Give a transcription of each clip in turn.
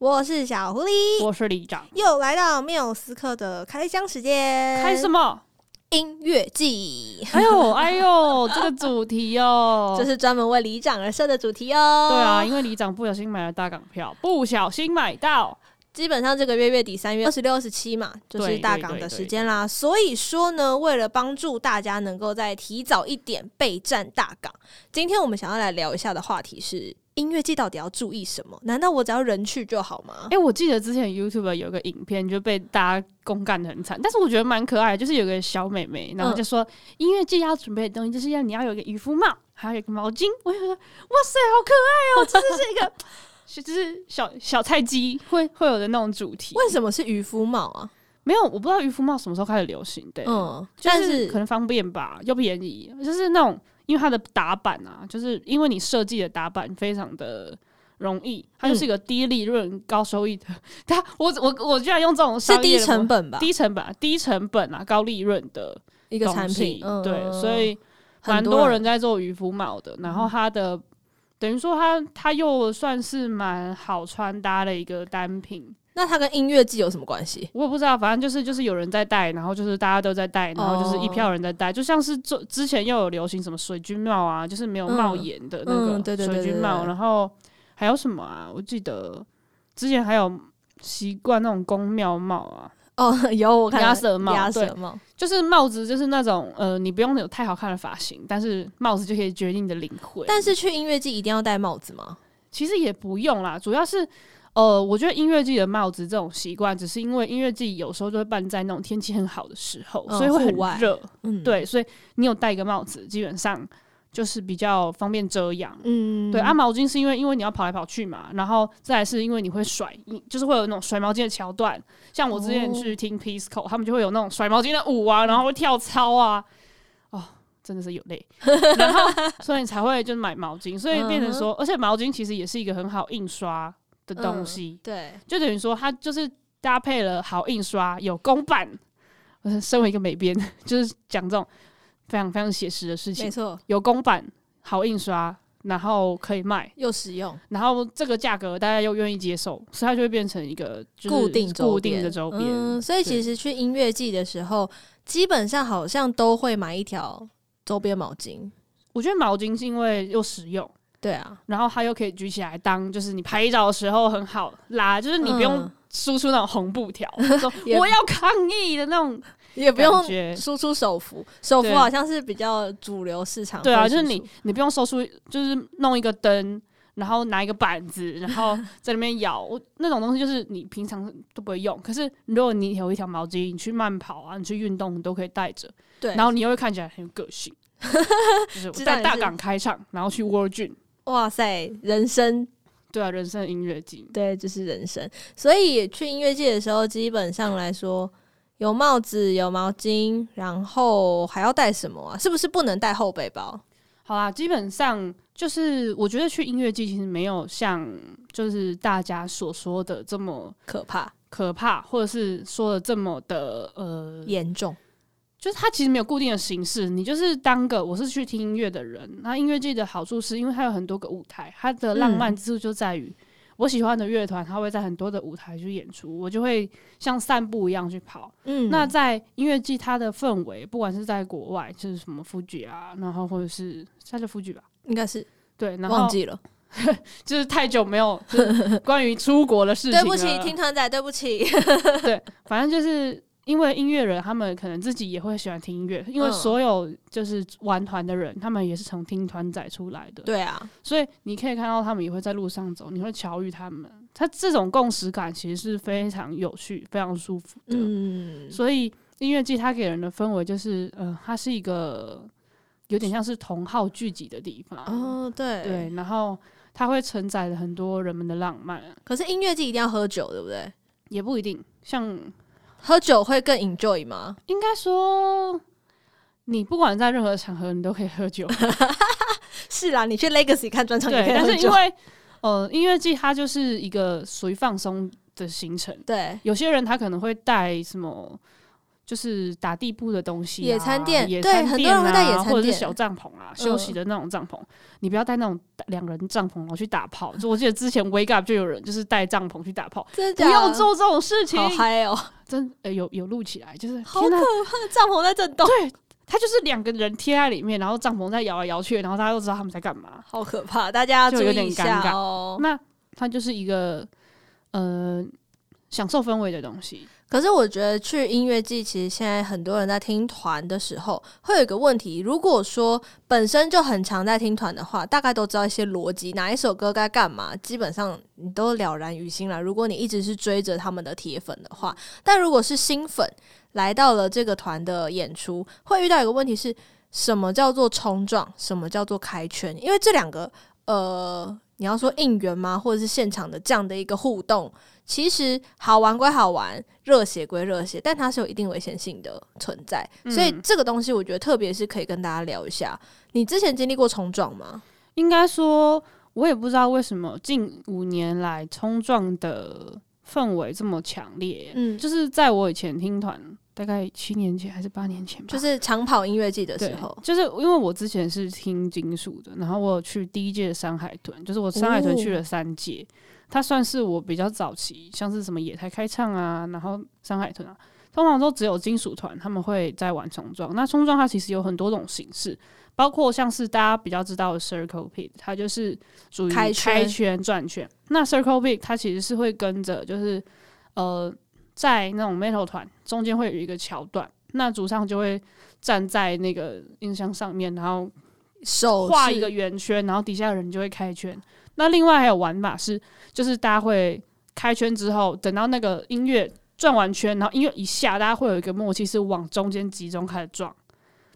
我是小狐狸，我是里長，又來到繆思客的開箱時間，開什麼？音樂祭？哎呦哎呦， 這個主題哦，這、就是專門為里長而設的主題哦。對啊，因為里長不小心買了大港票，不小心買到，基本上這個月月底三月二十六、二十七嘛，就是大港的時間啦，對對對對對對對。所以說呢，為了幫助大家能夠再提早一點備戰大港，今天我們想要來聊一下的話題是。音樂祭到底要注意什麼？難道我只要人去就好嗎？哎、欸，我記得之前 YouTube 有個影片就被大家公幹得很慘，但是我覺得蠻可愛，就是有個小妹妹，然後就說、嗯、音樂祭要準備的東西，就是要你要有個漁夫帽，還有一個毛巾。我就說哇塞，好可愛哦、喔！真 的是一個，是就是小小菜雞會會有的那種主題。為什麼是漁夫帽啊？沒有，我不知道漁夫帽什麼時候開始流行。對，但、嗯就是可能方便吧，又便宜，就是那種。因為它的打版啊，就是因為你設計的打版非常的容易，它就是一個低利潤高收益的。它、嗯，我我我，我居然用這種是低成本吧，低成本、啊，低成本啊，高利潤的一個產品。對，嗯嗯、所以蠻多人在做漁夫帽的。然後它的等於說它，它它又算是蠻好穿搭的一個單品。那它跟音樂祭有什麼關係？我也不知道，反正就是就是有人在戴，然後就是大家都在戴，然後就是一票人在戴，哦，就像是做之前又有流行什麼水軍帽啊，就是沒有帽檐的那個水軍帽，然後還有什麼啊？我記得之前還有習慣那種宮廟帽啊，哦，有鴨舌帽，鴨舌帽就是帽子，就是那種呃，你不用有太好看的髮型，但是帽子就可以決定你的靈魂。但是去音樂祭一定要戴帽子嗎？其實也不用啦，主要是。呃，我覺得音樂祭的帽子這種習慣，只是因為音樂祭有時候就會辦在那種天氣很好的時候，哦、所以會很熱、嗯。對，所以你有戴一個帽子，基本上就是比較方便遮陽、嗯。對，啊毛巾是因為因為你要跑來跑去嘛，然後再來是因為你會甩，就是會有那種甩毛巾的橋段。像我之前去聽 Pisco，、哦、他們就會有那種甩毛巾的舞啊，然後會跳操啊，哦，真的是有累， 然後所以你才會就買毛巾，所以變成說嗯嗯，而且毛巾其實也是一個很好印刷。的東西、嗯、對，就等於說它就是搭配了好印刷，有公版。身為一個美編，就是講這種非常非常寫實的事情，沒錯。有公版好印刷，然後可以賣，又實用，然後這個價格大家又願意接受，所以它就會變成一個固定固定的周邊、嗯。所以其實去音樂祭的時候，基本上好像都會買一條周邊毛巾。我覺得毛巾是因為又實用。對啊，然後他又可以舉起來當，就是你拍照的時候很好啦，就是你不用輸出那種紅布條，說、嗯、我要抗議的那種感覺，也不用輸出手幅，手幅好像是比較主流市場對。對啊，就是你你不用輸出，就是弄一個燈，然後拿一個板子，然後在裡面搖， 那種東西就是你平常都不會用。可是如果你有一條毛巾，你去慢跑啊，你去運動，你都可以帶着。對，然後你又會看起來很有個性， 在大港開唱，然後去 World Gym 哇塞，人生。對啊，人生音樂祭對，就是人生。所以去音樂祭的時候，基本上來說，嗯，有帽子，有毛巾，然後還要帶什麼啊是不是不能帶後背包？好啊，基本上就是我覺得去音樂祭其實沒有像就是大家所說的這麼可怕，可怕，或者是說的這麼的呃嚴重。就是它其實沒有固定的形式，你就是當個我是去聽音樂的人。那音樂祭的好處是因為它有很多個舞台，它的浪漫之處就在於我喜歡的樂團，它會在很多的舞台去演出，我就會像散步一樣去跑。嗯，那在音樂祭，它的氛圍，不管是在國外，就是什麼 FUJI 啊，然後或者是算是 FUJI 吧，應該是對，然後忘記了， 就是太久沒有、就是、關於出國的事情。 對不起，聽團仔，對不起。 對，反正就是。因為音樂人他們可能自己也會喜歡聽音樂，因為所有就是玩團的人、嗯，他們也是從聽團仔出來的。對啊，所以你可以看到他們也會在路上走，你會巧遇他們。他這種共識感其實是非常有趣、非常舒服的。嗯、所以音樂祭它給人的氛圍就是，嗯、呃，它是一個有點像是同好聚集的地方。哦，對對。然後它會承載着很多人們的浪漫。可是音樂祭一定要喝酒，對不對？也不一定，像。喝酒會更 enjoy 嗎？應該說，你不管在任何場合，你都可以喝酒。 是啦，你去 Legacy 看專場也可以喝酒。但是因為，呃，音樂祭它就是一個屬於放鬆的行程。對，有些人他可能會帶什麼。就是打地鋪的東西、啊，野餐墊，野餐墊、啊、很多人會帶野餐墊、啊，或者是小帳篷啊、呃，休息的那種帳篷。你不要帶那種兩人帳篷、喔，然後去打炮、呃。我記得之前 Wake Up 就有人就是帶帳篷去打炮，真的，的不要做這種事情，好嗨哦、喔！真、欸、有有錄起來，就是好可怕，帳篷在震動，對，他就是兩個人貼在裡面，然後帳篷在搖來搖去，然後大家都知道他們在幹嘛，好可怕，大家、哦、就有點尷尬。那他就是一個呃享受氛圍的東西。可是我覺得去音樂祭，其實現在很多人在聽團的時候，會有一個問題：如果說本身就很常在聽團的話，大概都知道一些邏輯，哪一首歌該幹嘛，基本上你都了然於心了。如果你一直是追着他們的鐵粉的話，但如果是新粉來到了這個團的演出，會遇到一個問題是什麼叫做衝撞，什麼叫做開圈？因為這兩個，呃，你要說應援嗎？或者是現場的這樣的一個互動？其實好玩歸好玩，熱血歸熱血，但它是有一定危險性的存在、嗯。所以這個東西，我覺得特別是可以跟大家聊一下。你之前經歷過衝撞嗎？應該說，我也不知道為什麼近五年來衝撞的氛圍這麼強烈。嗯，就是在我以前聽團，大概七年前還是八年前吧，就是常跑音樂祭的時候。就是因為我之前是聽金屬的，然後我有去第一屆山海豚，就是我山海豚去了三屆。哦三它算是我比較早期，像是什麼野台開唱啊，然後山海屯啊，通常都只有金屬團他們會在玩衝撞。那衝撞它其實有很多種形式，包括像是大家比較知道的 Circle Pit，它就是屬於開圈轉圈、圈。那 Circle Pit 它其實是會跟着，就是呃，在那種 Metal 團中間會有一個橋段，那主唱就會站在那個音箱上面，然後手畫一個圓圈、圈，然後底下的人就會開圈。那另外還有玩法是，就是大家會開圈之後，等到那個音樂轉完圈，然後音樂一下，大家會有一個默契，是往中間集中開始撞。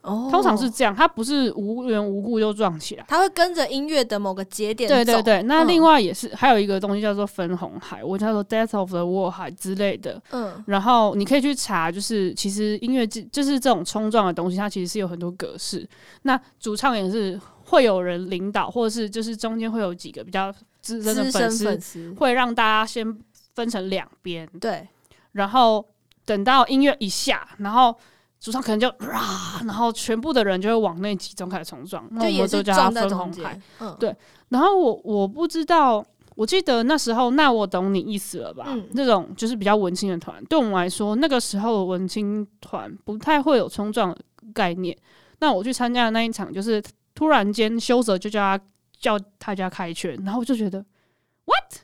Oh, 通常是這樣，它不是無緣無故就撞起來，它會跟着音樂的某個節點。對對對、嗯，那另外也是還有一個東西叫做分紅海，我叫做 Death of the Wall 海之類的。嗯，然後你可以去查，就是其實音樂這就是這種衝撞的東西，它其實是有很多格式。那主唱也是。會有人領導，或者是就是中間會有幾個比較資深的粉絲，會讓大家先分成兩邊，對。然後等到音樂一下，然後主唱可能就啊，然後全部的人就會往那集中開始衝撞，那我們就叫他分紅海，嗯，對。然後我我不知道，我記得那時候，那我懂你意思了吧？嗯。那種就是比較文青的團，對我們來說，那個時候文青團不太會有衝撞的概念。那我去參加的那一場就是。突然間，修澤就叫他叫他家開圈，然後我就覺得，What?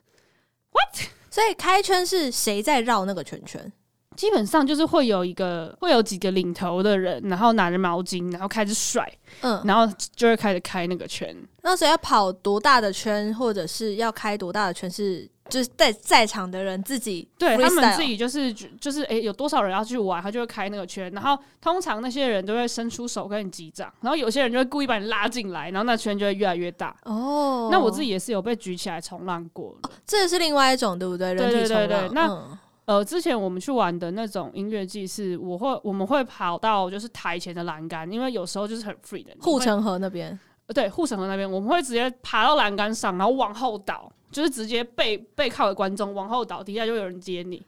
What? 所以開圈是誰在繞那個圈圈？基本上就是會有一個，會有幾個領頭的人，然後拿着毛巾，然後開始甩，嗯，然後就會開始開那個圈。那所以要跑多大的圈，或者是要開多大的圈是？是就是在在場的人自己對他們自己就是就是哎、欸，有多少人要去玩，他就會開那個圈。然後通常那些人都會伸出手跟你擊掌，然後有些人就會故意把你拉進來，然後那圈就會越來越大。哦，那我自己也是有被舉起來衝浪過、哦，這也是另外一種，對不對？對對對對、對、嗯，那。呃，之前我們去玩的那種音樂祭，是我會我們會跑到就是台前的欄杆，因為有時候就是很 free 的護城河那邊，呃，對，護城河那邊我們會直接爬到欄杆上，然後往後倒，就是直接背背靠着觀眾往後倒，底下就有人接你。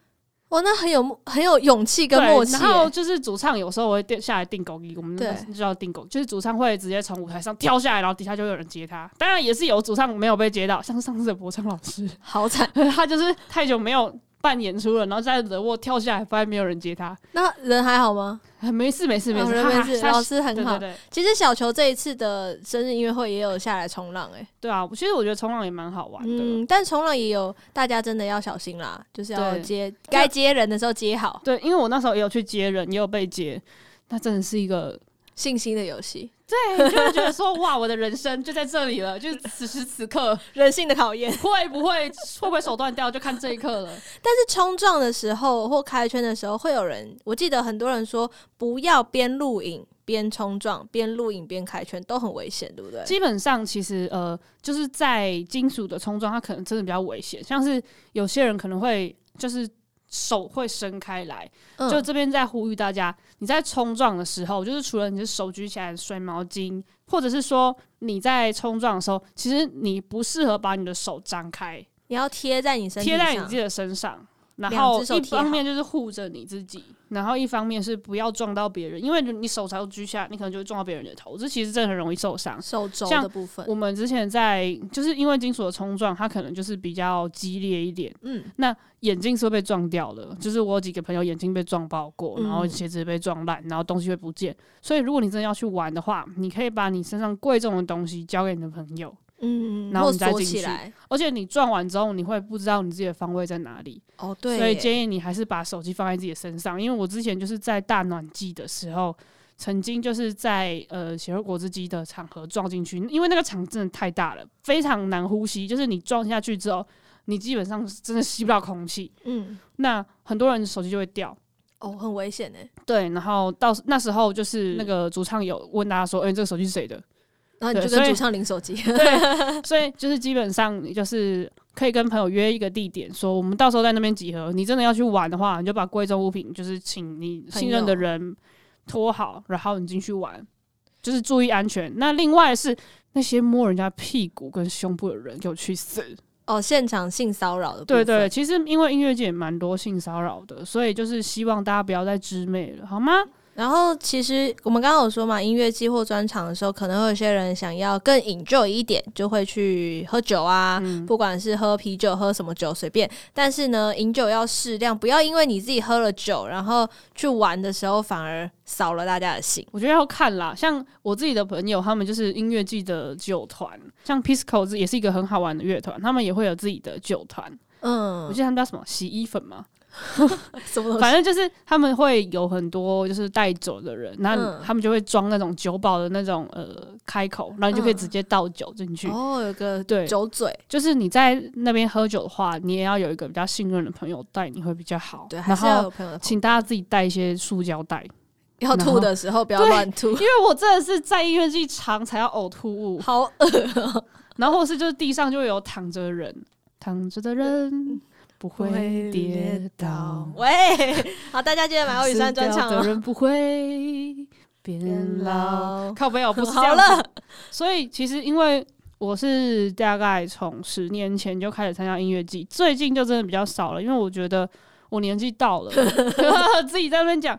哇、哦，那很有很有勇氣跟默契。然後就是主唱有時候會下來定狗衣，我們就要定狗，就是主唱會直接從舞台上跳下來，然後底下就有人接他。當然也是有主唱沒有被接到，像上次的伯昌老師，好慘，他就是太久沒有辦演出了，然後在人窩，跳下來，發現沒有人接他。那人還好嗎？沒事，沒事，人沒事，沒事。老師很好，對對對。其實小球這一次的生日音樂會也有下來衝浪、欸，哎。對啊，其實我覺得衝浪也蠻好玩的。嗯，但衝浪也有大家真的要小心啦，就是要接該接人的時候接好。對，因為我那時候也有去接人，也有被接，那真的是一個。信心的遊戲，對，就是、覺得說哇，我的人生就在這裡了， 就是此時此刻 人性的考驗，會不會會不會手斷掉，就看這一刻了。 但是衝撞的時候或開圈的時候，會有人，我記得很多人說，不要邊錄影邊衝撞，邊錄影邊開圈都很危險，對不對？基本上其實呃，就是在金屬的衝撞，它可能真的比較危險，像是有些人可能會就是。手會伸開來，嗯、就這邊在呼籲大家：你在衝撞的時候，就是除了你的手舉起來甩毛巾，或者是說你在衝撞的時候，其實你不適合把你的手張開，你要貼在你身上，貼在你自己的身上。然後一方面就是護着你自己，然後一方面是不要撞到別人，因為你手才會舉下，你可能就會撞到別人的頭，這其實真的很容易受傷。手肘的部分，我們之前在就是因為金屬的衝撞，它可能就是比較激烈一點。嗯，那眼鏡是會被撞掉的，就是我有幾個朋友眼鏡被撞爆過，然後鞋子被撞爛，然後東西會不見、嗯。所以如果你真的要去玩的話，你可以把你身上貴重的東西交給你的朋友。嗯，然後你再進去，而且你撞完之後，你會不知道你自己的方位在哪裡。哦，對，所以建議你還是把手機放在自己的身上。因為我之前就是在大暖季的時候，曾經就是在呃血肉果汁機的場合撞進去，因為那個場真的太大了，非常難呼吸。就是你撞下去之後，你基本上真的吸不到空氣。嗯，那很多人手機就會掉。哦，很危險誒。對，然後到那時候就是那個主唱有問大家說：“哎、嗯欸，這個手機是誰的？”後你就在桌上領手機。對，所以就是基本上，你就是可以跟朋友約一個地點，說我們到時候在那邊集合。你真的要去玩的話，你就把貴重物品就是請你信任的人託好，然後你進去玩，就是注意安全。那另外是那些摸人家屁股跟胸部的人，就去死哦！現場性騷擾的部分。對，對對，其實因為音樂祭也蠻多性騷擾的，所以就是希望大家不要再之美了，好嗎？然後其實我們剛剛有說嘛，音樂季或專場的時候，可能會有些人想要更 enjoy 一點，就會去喝酒啊，嗯、不管是喝啤酒喝什麼酒隨便。但是呢，飲酒要適量，不要因為你自己喝了酒，然後去玩的時候反而掃了大家的興。我覺得要看啦，像我自己的朋友，他們就是音樂季的酒團，像 Pisco 也是一個很好玩的樂團，他們也會有自己的酒團。嗯，我記得他們叫什麼洗衣粉嗎？ 什麼東西？反正就是他們會有很多就是帶走的人，那他們就會裝那種酒保的那種呃開口，然後你就可以直接倒酒進去，嗯。哦，有個倒酒嘴對，就是你在那邊喝酒的話，你也要有一個比較信任的朋友帶你會比較好。對，然後還是要有朋友，朋友。請大家自己帶一些塑膠袋，要吐的時候不要亂吐，因為我真的是在音樂祭現場才要嘔吐物，好噁。然後是就是地上就會有躺着的人，躺着的人。嗯嗯不會跌倒。喂，好，大家記得買我雨山專場哦。死掉的人不會變老。靠，朋友。不好了，所以其實因為我是大概從十年前就開始參加音樂祭，最近就真的比較少了，因為我覺得我年紀到了， 自己在那邊講。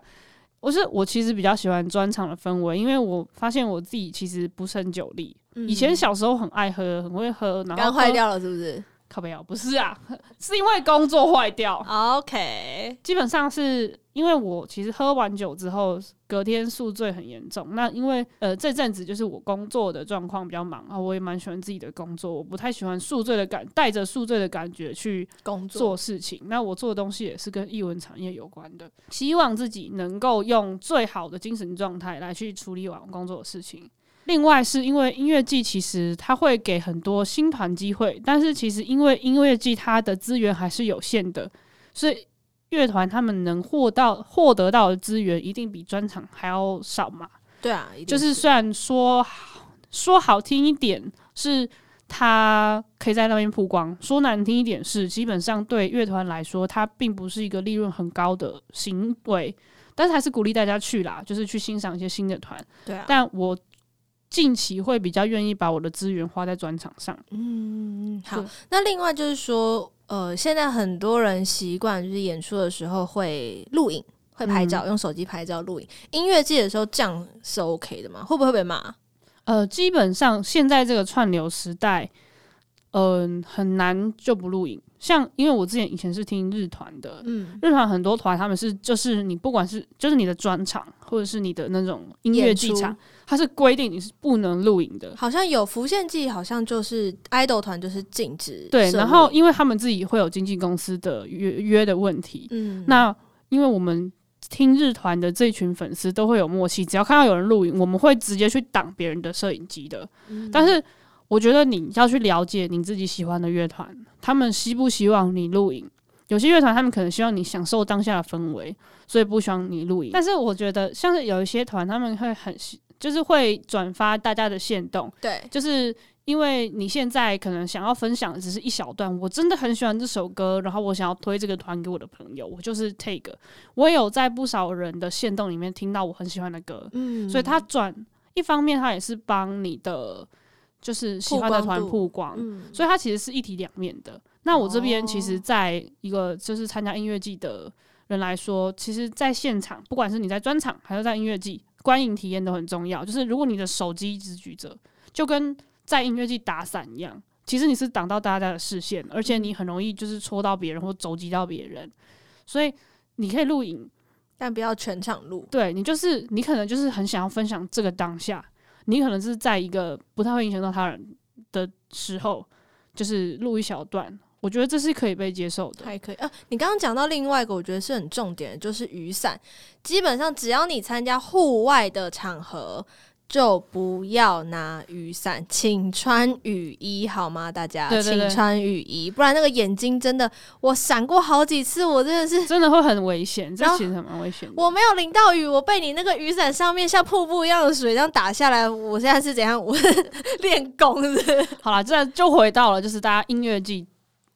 我是我其實比較喜歡專場的氛圍，因為我發現我自己其實不勝酒力、嗯。以前小時候很愛喝，很會喝，然後肝壞掉了，是不是？可不要不是啊，是因為工作壞掉。OK，基本上是因為我其實喝完酒之後，隔天宿醉很嚴重。那因為呃這陣子就是我工作的狀況比較忙啊，我也蠻喜歡自己的工作，我不太喜歡宿醉的感覺，帶着宿醉的感覺去工作做事情。那我做的東西也是跟藝文產業有關的，希望自己能夠用最好的精神狀態來去處理完工作的事情。另外是因為音樂祭，其實它會給很多新團機會，但是其實因為音樂祭，它的資源還是有限的，所以樂團他們能獲到獲得到的資源，一定比專場還要少嘛。對啊，是就是雖然說好說好聽一點是，它可以在那邊曝光；說難聽一點是，基本上對樂團來說，它並不是一個利潤很高的行為。但是還是鼓勵大家去啦，就是去欣賞一些新的團。對啊，但我。近期會比較願意把我的資源花在專場上。嗯，好。那另外就是說，呃，現在很多人習慣就是演出的時候會錄影、會拍照，嗯、用手機拍照、錄影。音樂祭的時候這樣是 OK 的嗎？會不會會被罵？呃，基本上現在這個串流時代。嗯、呃，很難就不錄影。像因為我之前以前是聽日團的，嗯、日團很多團他們是就是你不管是就是你的專場或者是你的那種音樂劇場，它是規定你是不能錄影的。好像有浮現祭，好像就是 idol 團就是禁止。對，然後因為他們自己會有經紀公司的約約的問題、嗯。那因為我們聽日團的這群粉絲都會有默契，只要看到有人錄影，我們會直接去擋別人的攝影機的、嗯。但是。我覺得你要去了解你自己喜歡的樂團，他們希不希望你錄影？有些樂團他們可能希望你享受當下的氛圍，所以不希望你錄影。但是我覺得，像是有一些團，他們會很就是會轉發大家的限動。對，就是因為你現在可能想要分享的只是一小段。我真的很喜歡這首歌，然後我想要推這個團給我的朋友。我就是 take，我有在不少人的限動裡面聽到我很喜歡的歌。嗯，所以他轉一方面，他也是幫你的。就是喜歡的團曝光、曝光、嗯，所以它其實是一體兩面的。那我這邊其實，在一個就是參加音樂祭的人來說，哦，其實在現場，不管是你在專場還是在音樂祭，觀影體驗都很重要。就是如果你的手機一直舉着，就跟在音樂祭打傘一樣，其實你是擋到大家的視線，而且你很容易就是戳到別人或肘擊到別人。所以你可以錄影，但不要全場錄。對，你就是你可能就是很想要分享這個當下。你可能是在一個不太會影響到他人的時候，就是錄一小段，我覺得這是可以被接受的，還可以啊。你剛剛講到另外一個，我覺得是很重點的，就是雨傘。基本上只要你參加戶外的場合，就不要拿雨傘，請穿雨衣好嗎？大家對對對，請穿雨衣，不然那個眼睛真的，我閃過好幾次，我真的是真的會很危險，這其實蠻危險的。我沒有淋到雨，我被你那個雨傘上面像瀑布一樣的水這樣打下來，我現在是怎樣？我 練功是不是？好了，這就回到了就是大家音樂祭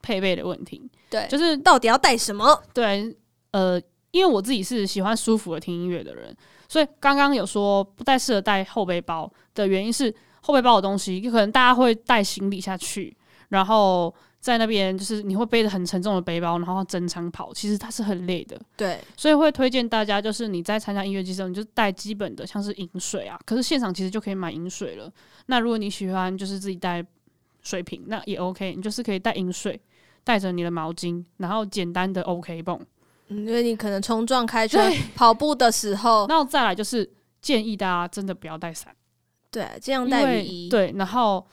配備的問題，對，就是到底要帶什麼？對，呃，因為我自己是喜歡舒服的聽音樂的人。所以剛剛有說不太適合帶後背包的原因是，後背包的東西，可能大家會帶行李下去，然後在那邊就是你會背着很沉重的背包，然後整場跑，其實它是很累的。對，所以會推薦大家就是你在參加音樂祭時，你就帶基本的像是飲水啊，可是現場其實就可以買飲水了。那如果你喜歡就是自己帶水瓶，那也 OK，你就是可以帶飲水，帶着你的毛巾，然後簡單的 OK 繃。因、嗯、為你可能衝撞開圈跑步的時候。那再來就是建議大家真的不要帶傘，對，這樣帶雨衣因為，對，然後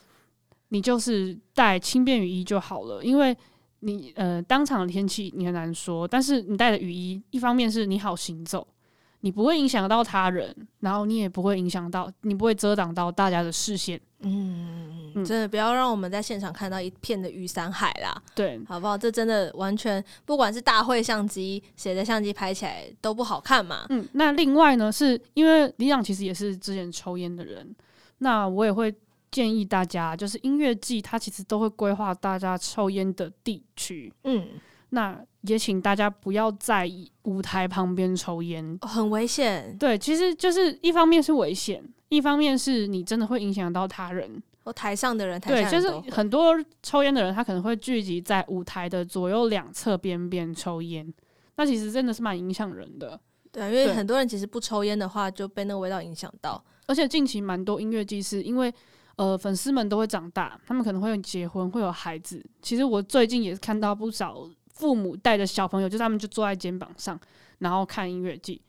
你就是帶輕便雨衣就好了，因為你呃當場的天氣你很難說，但是你帶的雨衣，一方面是你好行走，你不會影響到他人，然後你也不會影響到，你不會遮擋到大家的視線，嗯。嗯、真的不要讓我們在現場看到一片的雨傘海啦，對，好不好？這真的完全不管是大會相機、誰的相機拍起來都不好看嘛。嗯，那另外呢，是因為里長其實也是之前抽烟的人，那我也會建議大家，就是音樂祭他其實都會規劃大家抽煙的地區，嗯，那也請大家不要在舞台旁邊抽煙，哦，很危險。對，其實就是一方面是危險，一方面是你真的會影響到他人。台上的人，台下的人，對，就是很多抽煙的人，他可能會聚集在舞台的左右兩側邊邊抽煙。那其實真的是蠻影響人的，對，因為很多人其實不抽煙的話，就被那個味道影響到。而且近期蠻多音樂祭是，因為呃，粉絲們都會長大，他們可能會有結婚，會有孩子。其實我最近也是看到不少父母帶着小朋友，就是他們就坐在肩膀上，然後看音樂祭。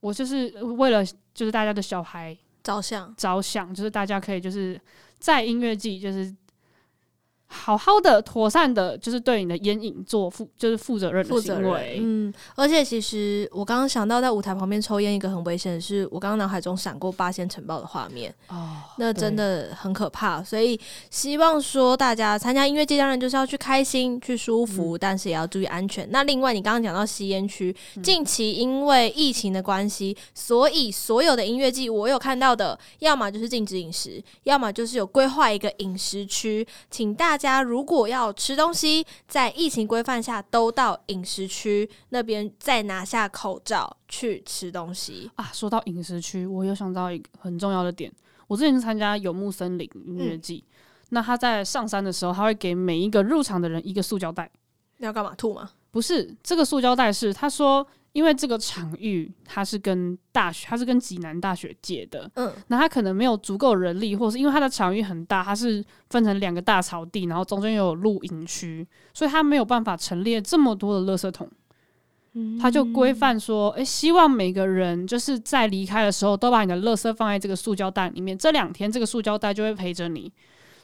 我就是為了就是大家的小孩着想，着想就是大家可以就是。在音樂祭就是。好好的、妥善的，就是對你的菸癮做負，就是負責任的行為責。嗯，而且其實我剛剛想到，在舞台旁邊抽菸一個很危險的是我剛剛腦海中閃過八仙塵爆的畫面。哦，那真的很可怕。所以希望說大家參加音樂祭，當然就是要去開心、去舒服，嗯、但是也要注意安全。那另外，你剛剛講到吸菸區，近期因為疫情的關係、嗯，所以所有的音樂祭我有看到的，要麼就是禁止飲食，要麼就是有規劃一個飲食區，請大，大家如果要吃東西，在疫情規範下都到飲食區那邊，再拿下口罩去吃東西啊。說到飲食區，我又想到一個很重要的點。我之前是參加有木森林音樂祭、嗯，那他在上山的時候，他會給每一個入場的人一個塑膠袋。你要幹嘛吐嗎？不是，這個塑膠袋是他說。因為這個場域，它是跟大學，它是跟濟南大學借的，嗯，那它可能沒有足夠人力，或是因為它的場域很大，它是分成兩個大草地，然後中間有露營區，所以它沒有辦法陳列這麼多的垃圾桶，嗯，它就規範說，哎，希望每個人就是在離開的時候都把你的垃圾放在這個塑膠袋裡面，這兩天這個塑膠袋就會陪着你。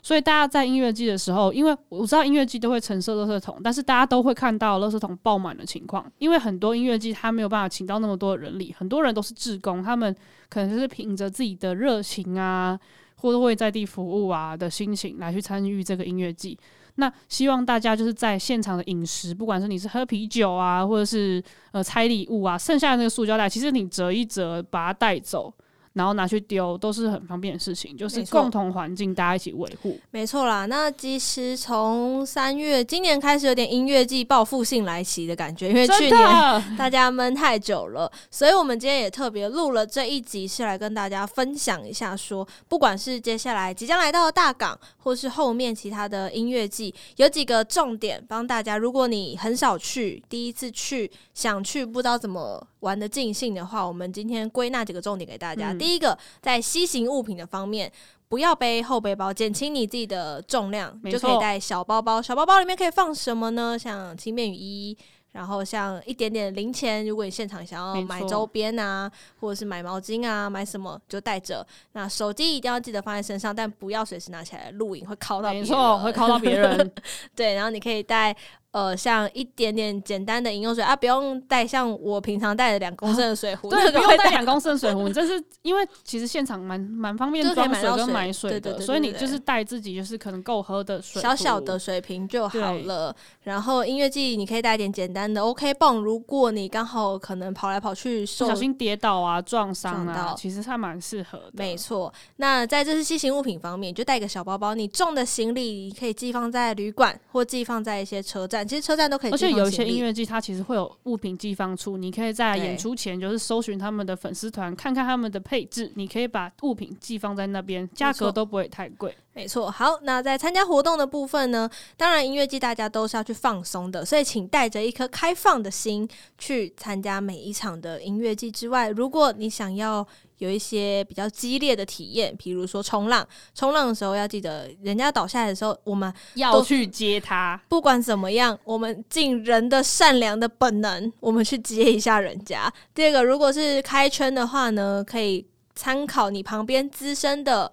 所以大家在音樂祭的時候，因為我知道音樂祭都會陳設垃圾桶，但是大家都會看到垃圾桶爆滿的情況，因為很多音樂祭他沒有辦法請到那麼多的人力，很多人都是志工，他們可能是憑着自己的熱情啊，或者會在地服務啊的心情來去參與這個音樂祭。那希望大家就是在現場的飲食，不管是你是喝啤酒啊，或者是呃拆禮物啊，剩下的那個塑膠袋，其實你折一折把它帶走。然後拿去丟都是很方便的事情，就是共同環境，大家一起維護，沒錯，沒錯啦。那其實從三月今年開始有點音樂祭報復性來襲的感覺，因為去年大家悶太久了，所以我們今天也特別錄了這一集，是來跟大家分享一下說，說不管是接下來即將來到的大港，或是後面其他的音樂祭，有幾個重點幫大家。如果你很少去，第一次去，想去不知道怎麼玩得盡興的話，我們今天歸納幾個重點給大家。嗯第一個，在攜行物品的方面，不要背後背包，減輕你自己的重量，就可以帶小包包。小包包裡面可以放什麼呢？像輕便雨衣，然後像一點點零錢。如果你現場想要買周邊啊，或者是買毛巾啊，買什麼就帶着。那手機一定要記得放在身上，但不要隨時拿起來錄影，會靠到會靠到別人。 對，然後你可以帶。呃，像一點點簡單的飲用水啊，不用帶，像我平常帶的兩公升的水壺，啊那個、對，不用帶兩公升的水壺。 這是因為其實現場蠻蠻方便，就可以買到水，買水。對對對對對對對對。所以你就是帶自己，就是可能夠喝的水，對對對對對對喝的水，小小的水瓶就好了。然後音樂祭你可以帶點簡單的 OK 繃。如果你剛好可能跑來跑去受，不小心跌倒啊、撞傷啊撞到，其實還蠻適合的。沒錯。那在這些輕型物品方面，就帶一個小包包。你重的行李你可以寄放在旅館，或寄放在一些車站。其實車站都可以，而且有一些音樂祭，它其實會有物品寄放處，你可以在演出前，就是搜尋他們的粉絲團，看看他們的配置，你可以把物品寄放在那邊，價格都不會太貴。沒錯，好，那在參加活動的部分呢，當然音樂祭大家都是要去放鬆的，所以請帶着一顆開放的心去參加每一場的音樂祭之外。如果你想要有一些比較激烈的體驗，比如說衝浪，衝浪的時候要記得，人家倒下來的時候我們都要去接他。不管怎麼樣，我們盡人的善良的本能，我們去接一下人家。第二個，如果是開圈的話呢，可以參考你旁邊資深的，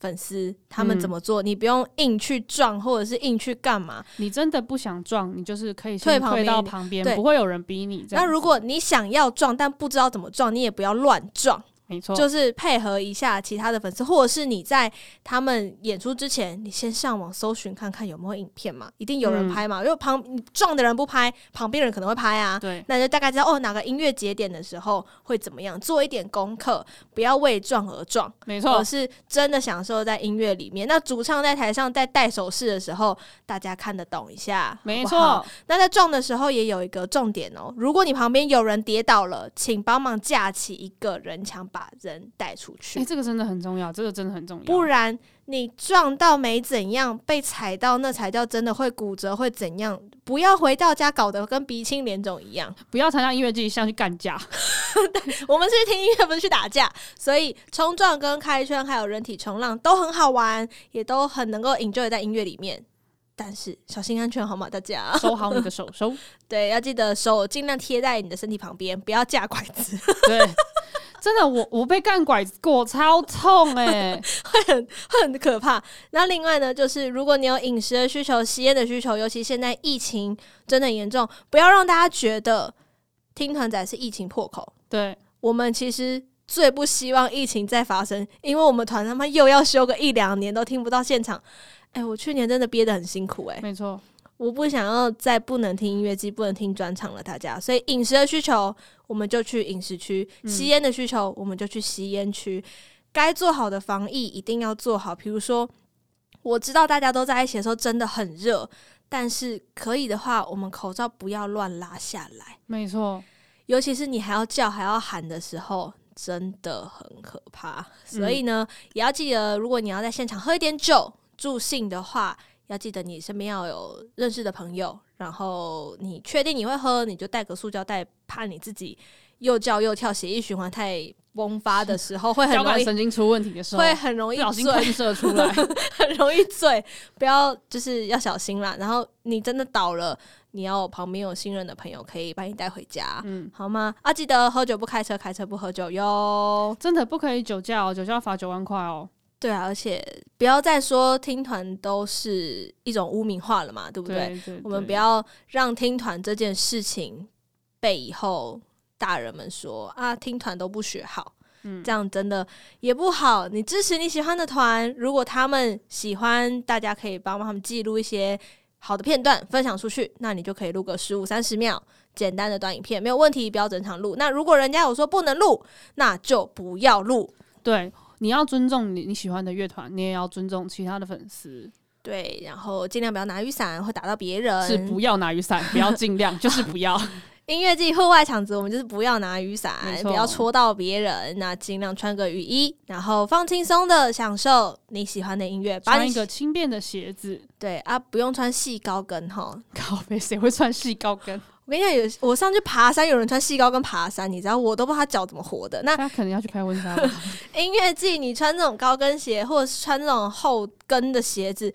粉絲他們怎麼做。嗯，你不用硬去撞，或者是硬去幹嘛。你真的不想撞，你就是可以先退到旁邊，不會有人逼你。那如果你想要撞，但不知道怎麼撞，你也不要亂撞。沒錯，就是配合一下其他的粉絲，或者是你在他們演出之前，你先上網搜尋看看有沒有影片嘛，一定有人拍嘛，嗯、因為旁撞的人不拍，旁邊人可能會拍啊。對，那就大概知道哦，哪個音樂節點的時候會怎麼樣，做一點功課，不要為撞而撞。沒錯，而是真的享受在音樂裡面。那主唱在台上在帶手勢的時候，大家看得懂一下好不好？沒錯，那在撞的時候也有一個重點哦、喔，如果你旁邊有人跌倒了，請幫忙架起一個人牆把。把人帶出去，哎、欸，這個真的很重要，這個真的很重要。不然你撞到沒怎樣，被踩到那踩到真的會骨折，會怎樣？不要回到家搞得跟鼻青臉腫一樣，不要參加音樂祭，想去幹架。我們是去聽音樂，不是去打架。所以衝撞跟開圈，還有人體衝浪都很好玩，也都很能夠 enjoy 在音樂裡面。但是小心安全，好嗎？大家收好你的手， 收對，要記得手儘量貼在你的身體旁邊，不要架拐子。對。 真的，我我被幹拐過，我超痛欸，會 很會很可怕。那另外呢，就是如果你有飲食的需求、吸菸的需求，尤其現在疫情真的嚴重，不要讓大家覺得聽團仔是疫情破口。對，我們其實最不希望疫情再發生，因為我們團他媽又要休個一兩年都聽不到現場。欸，我去年真的憋得很辛苦欸，沒錯。我不想要再不能聽音樂祭，不能聽專場了，大家。所以飲食的需求，我們就去飲食區、嗯；吸煙的需求，我們就去吸煙區。該做好的防疫一定要做好。比如說，我知道大家都在一起的時候真的很熱，但是可以的話，我們口罩不要亂拉下來。沒錯，尤其是你還要叫還要喊的時候，真的很可怕。所以呢，嗯、也要記得，如果你要在現場喝一點酒助興的話，要記得你身邊要有認識的朋友，然後你確定你會喝，你就帶個塑膠袋，怕你自己又叫又跳，血液循環太崩發的時候會很容易，神經出問題的時候會很容易醉， 很容易醉，不要就是要小心啦。然後你真的倒了，你要旁邊有信任的朋友可以把你帶回家，嗯，好嗎？啊，記得喝酒不開車，開車不喝酒喲，真的不可以酒駕哦，酒駕罰九萬塊哦。對啊，而且不要再說聽團都是一種污名化了嘛，對不對？對對對，我們不要讓聽團這件事情被以後大人們說啊，聽團都不學好，嗯，這樣真的也不好。你支持你喜歡的團，如果他們喜歡，大家可以幫幫他們記錄一些好的片段分享出去，那你就可以錄個十五三十秒簡單的短影片，沒有問題，不要整場錄。那如果人家有說不能錄，那就不要錄，對。你要尊重你你喜歡的樂團，你也要尊重其他的粉絲。對，然後盡量不要拿雨傘，會打到別人，是不要拿雨傘，不要盡量 就是不要。 音樂祭戶外場子，我們就是不要拿雨傘，不要戳到別人。那盡量穿個雨衣，然後放輕鬆的享受你喜歡的音樂，穿一個輕便的鞋子。對啊，不用穿細高跟哈，高跟誰會穿細高跟？ 我跟你講，有我上去爬山，有人穿細高跟爬山，你知道，我都不知道他腳怎麼活的？那他可能要去拍婚紗。 音樂祭，你穿這種高跟鞋，或者是穿這種厚跟的鞋子，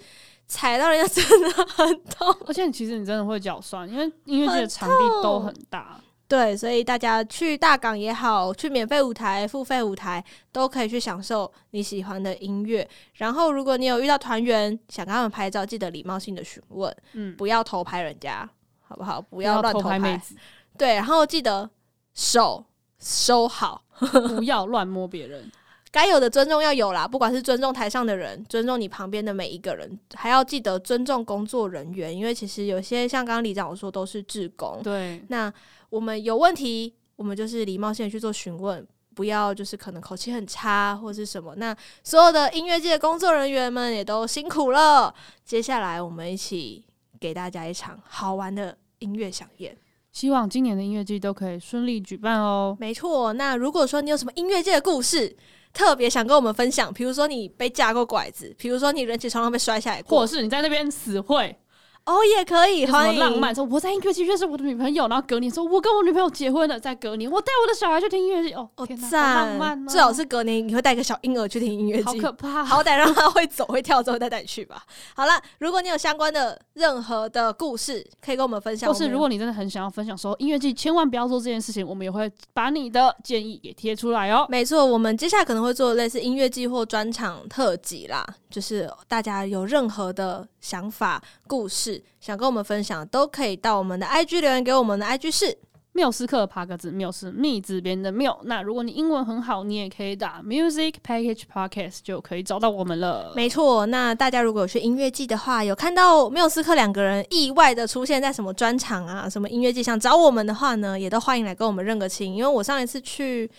踩到人家真的很痛。而且，其實你真的會腳痠，因為音樂祭的場地都很大很痛，對，所以大家去大港也好，去免費舞台、付費舞台都可以去享受你喜歡的音樂。然後，如果你有遇到團員，想跟他們拍照，記得禮貌性的詢問，嗯，不要偷拍人家。好不好？不要亂投牌。不要偷拍妹子。對，然後記得手收好， 不要亂摸別人。該有的尊重要有啦，不管是尊重台上的人，尊重你旁邊的每一個人，還要記得尊重工作人員，因為其實有些像剛剛里長我說，都是志工。對，那我們有問題，我們就是禮貌性的去做詢問，不要就是可能口氣很差或是什麼。那所有的音樂祭的工作人員們也都辛苦了。接下來我們一起給大家一場好玩的音樂饗宴，希望今年的音樂祭都可以順利舉辦哦。沒錯，那如果說你有什麼音樂界的故事，特別想跟我們分享，比如說你被架過拐子，比如說你人起床上被摔下來過，或者是你在那邊死會。哦，也可以，什麼浪漫？說我在音樂祭認識我的女朋友，然後隔年說，我跟我女朋友結婚了，在隔年，我帶我的小孩去聽音樂祭。哦，oh, 哦，天哪，浪漫！最好是隔年你會帶個小嬰兒去聽音樂祭。好可怕。好歹讓他會走會跳之後再帶，帶你去吧。好了，如果你有相關的任何的故事，可以跟我們分享。就是如果你真的很想要分享說音樂祭千萬不要做這件事情，我們也會把你的建議也貼出來哦。沒錯，我們接下來可能會做類似音樂祭或專場特輯啦，就是大家有任何的想法、故事。想跟我們分享，都可以到我們的 IG 留言，給我們的 IG 是繆思客帕格子，繆是糸字邊的繆。那如果你英文很好，你也可以打 Music Package Podcast 就可以找到我們了。沒錯，那大家如果有去音樂祭的話，有看到繆思客兩個人意外的出現在什麼專場啊，什麼音樂祭想找我們的話呢，也都歡迎來跟我們認個親。因為我上一次去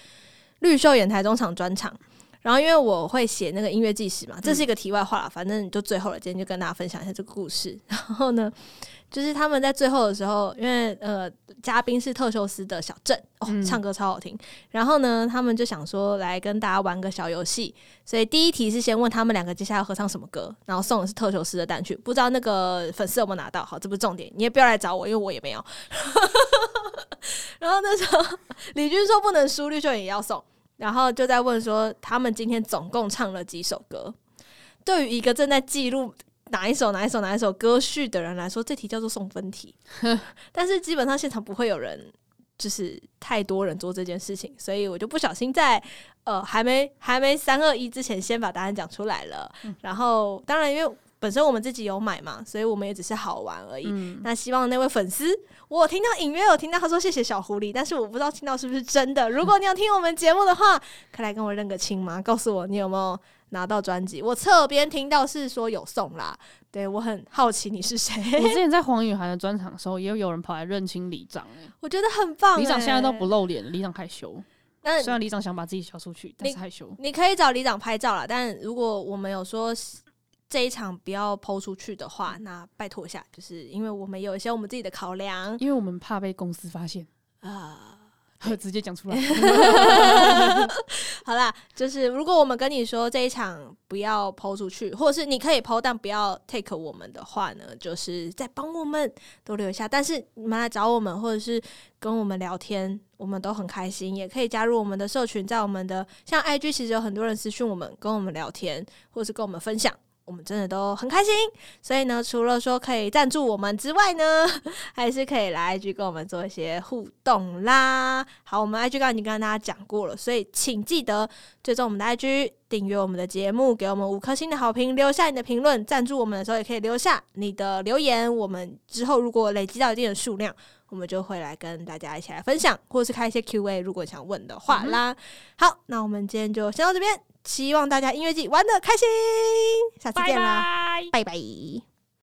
綠秀演台中場專場。然後因為我會寫那個音樂紀實嘛，這是一個題外話了、嗯。反正就最後了，今天就跟大家分享一下這個故事。然後呢，就是他們在最後的時候，因為呃，嘉賓是特修斯的小鎮哦、嗯，唱歌超好聽。然後呢，他們就想說來跟大家玩個小遊戲，所以第一題是先問他們兩個接下來要合唱什麼歌，然後送的是特修斯的單曲，不知道那個粉絲有沒有拿到？好，這不是重點，你也不要來找我，因為我也沒有。 然後那時候李軍說不能輸，綠秀也要送。然後就在問說，他們今天總共唱了幾首歌？對於一個正在記錄哪一首、哪一首、哪一首歌序的人來說，這題叫做送分題。 但是基本上現場不會有人，就是太多人做這件事情，所以我就不小心在呃還沒還沒三二一之前，先把答案講出來了。嗯、然後當然因為。本身我們自己有買嘛，所以我們也只是好玩而已。嗯、那希望那位粉絲，我聽到隱約有聽到他說謝謝小狐狸，但是我不知道聽到是不是真的。如果你有聽我們節目的話，快、嗯、來跟我認個親嘛，告訴我你有沒有拿到專輯。我側邊聽到是說有送啦，對，我很好奇你是誰？我之前在黃宇寒的專場的時候，也有有人跑來認親里長、欸，我覺得很棒、欸。里長現在都不露臉，里長害羞。那雖然里長想把自己銷出去，但是害羞。你，你可以找里長拍照啦，但如果我們有說這一場不要 po 出去的話，那拜託一下，就是因為我們有一些我們自己的考量，因為我們怕被公司發現，呃，直接講出來。 好啦，就是如果我們跟你說這一場不要 po 出去，或者是你可以 po，但不要 take 我們的話呢，就是在幫我們多留一下。但是你們來找我們，或者是跟我們聊天，我們都很開心，也可以加入我們的社群，在我們的像 IG，其實有很多人私訊我們，跟我們聊天，或者是跟我們分享。我們真的都很開心，所以呢，除了說可以贊助我們之外呢，還是可以來 IG 跟我們做一些互動啦。好，我們 IG 剛剛已經跟大家講過了，所以請記得追蹤我們的 IG，訂閱我們的節目，給我們五顆星的好評，留下你的評論。贊助我們的時候也可以留下你的留言，我們之後如果累積到一定的數量，我們就會來跟大家一起來分享，或是開一些 Q&A，如果想問的話啦。好，那我們今天就先到這邊。希望大家音樂祭玩得開心，下次見啦 bye bye，拜拜。